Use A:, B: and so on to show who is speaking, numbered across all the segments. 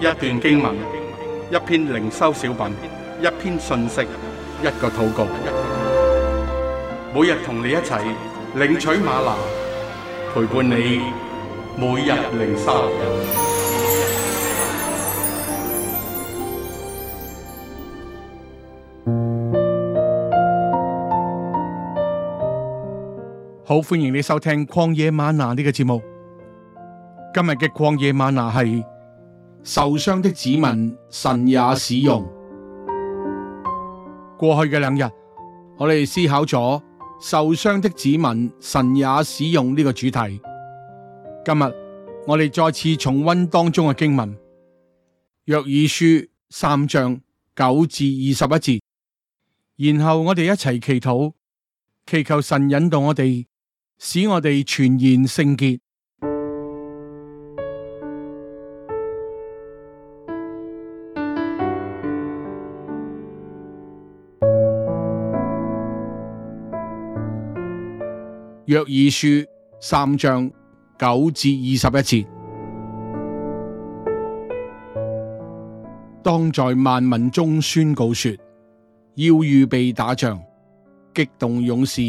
A: 一段經文，一篇靈修小品，一篇信息，一個禱告。每日同你一齊領取嗎哪，陪伴你每日靈修。好，歡迎你收聽《曠野嗎哪》呢個節目。今日嘅《曠野嗎哪》係。受傷的子民，神也使用。過去嘅兩日，我哋思考咗受傷的子民，神也使用呢個主題。今日我哋再次重溫當中嘅經文，約珥書三章九至二十一節，然後我哋一齊祈禱，祈求神引導我哋，使我哋全然聖潔。約珥書三章九至二十一節，當在萬民中宣告說，要預備打仗，激動勇士，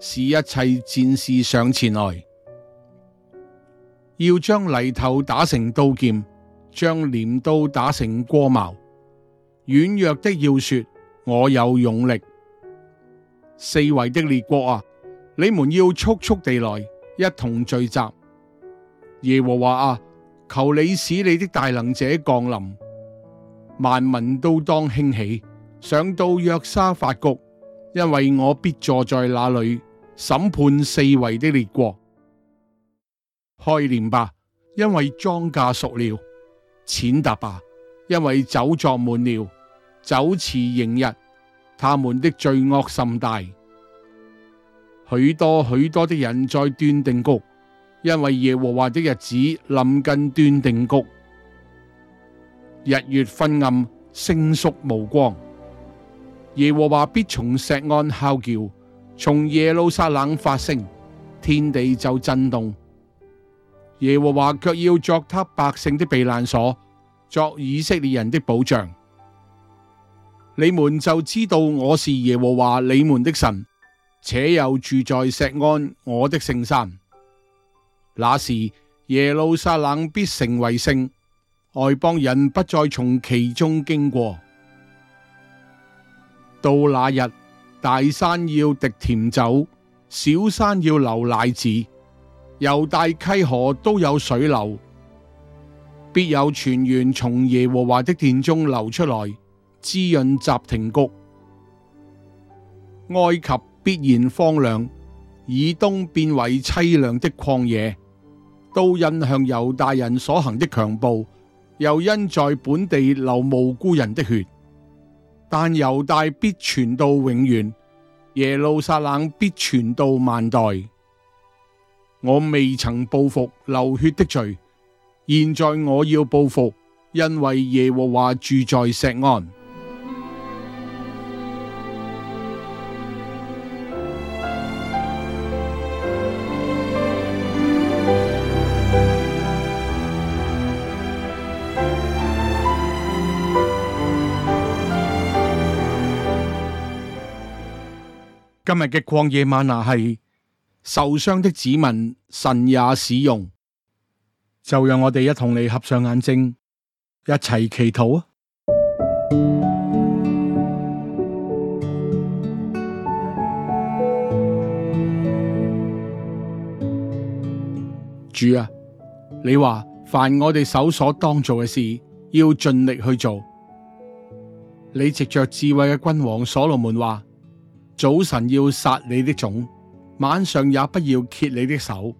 A: 使一切戰士上前來，要將犁頭打成刀劍，將鐮刀打成戈矛。軟弱的要說，我有勇力。四圍的列國啊！你們要速速地來，一同聚集。耶和華啊，求你使你的大能者降臨，萬民都當興起，上到約沙法谷，因為我必坐在那裏審判四圍的列國。開鐮吧，因為莊稼熟了；淺踏吧，因為酒作滿了；酒池盈溢，他們的罪惡甚大。許多許多的人在斷定谷，因為耶和華的日子臨近斷定谷。日月昏暗，星宿無光。耶和華必從錫安吼叫，從耶路撒冷發聲，天地就震動。耶和華卻要作他百姓的避難所，作以色列人的保障。你們就知道我是耶和華你們的神。且又住在錫安，我的聖山。那時耶路撒冷必成為聖，外邦人不再從其中經過。到那日，大山要滴甜酒，小山要流奶子，猶大溪河都有水流，必有泉源從耶和華的殿中流出來，滋潤什亭谷，埃及。必然荒涼，以東變為淒涼的曠野。都因向猶大人所行的強暴，又因在本地流無辜人的血。但猶大必存到永遠，耶路撒冷必存到萬代。我未曾報復流血的罪，現在我要報復，因為耶和華住在錫安。今日嘅曠野嗎哪，係受傷的子民，神也使用。就讓我哋一同你合上眼睛，一齊祈禱啊！主啊，你話凡我哋手所當做嘅事，要盡力去做。你藉着智慧嘅君王所羅門話。早晨要撒你的種，晚上也不要歇你的手，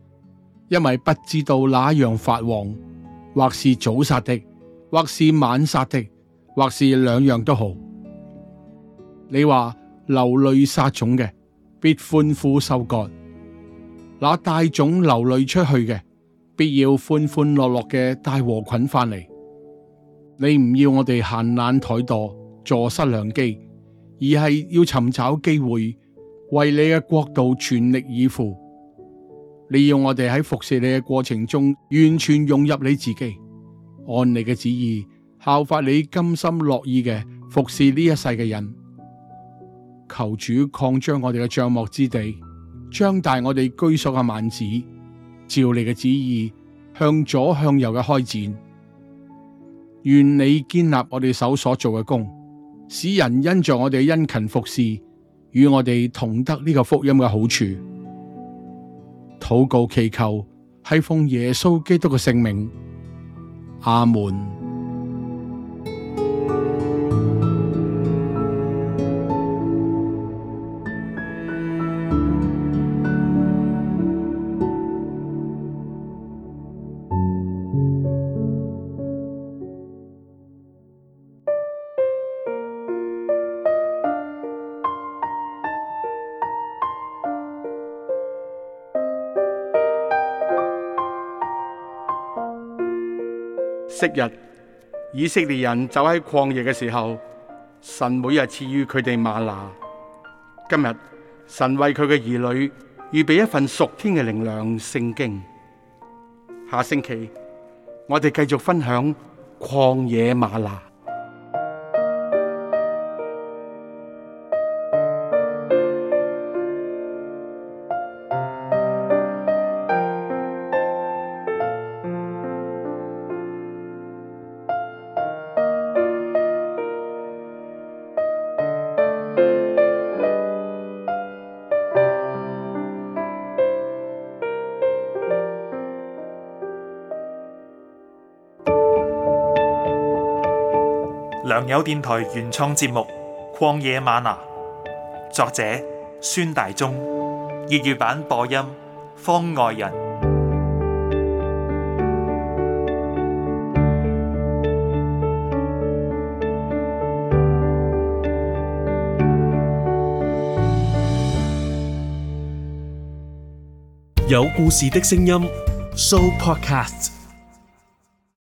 A: 因為不知道哪樣發旺，或是早撒的，或是晚撒的，或是兩樣都好。你話流淚撒種嘅，必歡呼收割；那帶種流淚出去嘅，必要歡歡樂樂嘅帶禾捆翻嚟。你唔要我哋閒懶怠惰，坐失良機，而係要尋找機會，為你嘅國度全力以赴，你要我哋喺服侍你嘅過程中，完全融入你自己，按你嘅旨意，效法你甘心樂意嘅服侍呢一世嘅人。求主擴張我哋嘅帳幕之地，張大我哋居所嘅幔子，照你嘅旨意向左向右嘅開展。願你建立我哋手所做嘅工。使人因着我哋殷勤服侍，與我哋同得呢個福音嘅好處。禱告祈求係奉耶穌基督嘅聖名，阿門。昔日以色列人走喺曠野嘅時候，神每日賜予佢哋嗎哪。今日神為佢嘅兒女預備一份屬天嘅靈糧聖經。下星期我哋繼續分享曠野嗎哪。良友電台原創節目《曠野瑪娜》，作者孫大中，粵語版播音方外人，有故事嘅聲音，Show Podcast。